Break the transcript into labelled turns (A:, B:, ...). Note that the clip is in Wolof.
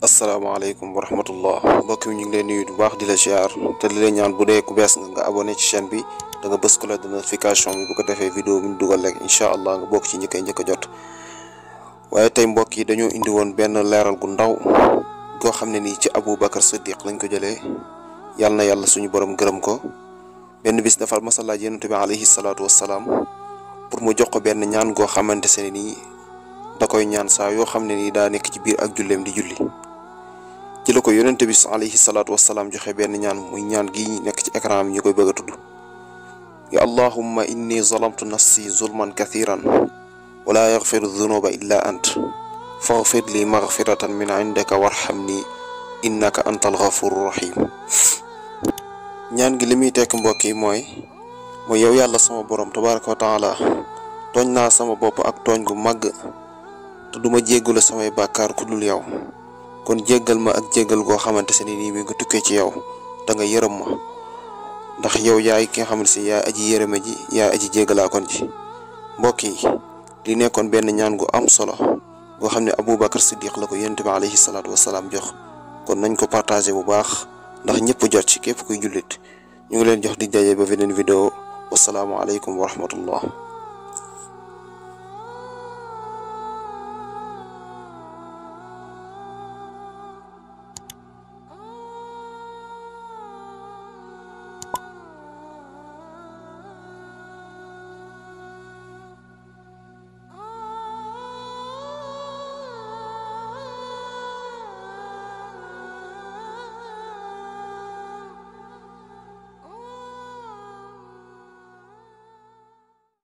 A: asalaamaaleykum wa rahmatullah mbokk mi ñu ngi leen nuyu bu baax di la ziar te di leen ñaan bu dee ku bees nga nga abonné ci chaîne bi danga nga bës cloche de notification bi bu ko defee vidéo bi dugal rek incha allah nga bokk ci ñi koy njëkk a jot waaye tey mbokk yi dañoo indi woon benn leeral gu ndaw goo xam ne nii ci Aboubacar Siddiq lañ ko jëlee yàlla na yàlla suñu borom gërëm ko benn bis dafa mas a laaj yonent bi alayhi pour mu jox ko benn ñaan goo xamante ne nii da koy ñaan saa yoo xam ne nii daa nekk ci biir ak julleem di julli ci la ko yonent bi alayhi salaatu wassalaam joxe benn ñaan muy ñaan gi nekk ci écran ñu koy bëgg a tudd ya allahumma inni zalamtu nafsi zulman kathiran wala yaxfiru dunuba illa ant faxfir li maxfiratan min wa warxam ni innaka anta alxafuru rahim ñaan gi limi tek mbokk yi moy mo yow yalla sama borom tabaraka wa taala togn na sama bop ak togn gu mag te duma jéggul sama bakkar ku dul yow kon jéggal ma ak jéggal go xamanteni ni mi nga tukkee ci yow da nga yërem ma ndax yow yaay ki nga xamanteni ya aji yërëme ji yaa aji kon ci mbokk yi li nekkon benn ñaan gu am solo go xamni abou bakkar Siddiq lako yentiba alayhi salatu wassalam jox kon nañ ko partager bu baax ndax ñëpp jot ci képp kuy jullit ñu ngi leen jox di daje ba beneen vidéo wasalaamaaleykum wa rahmatullah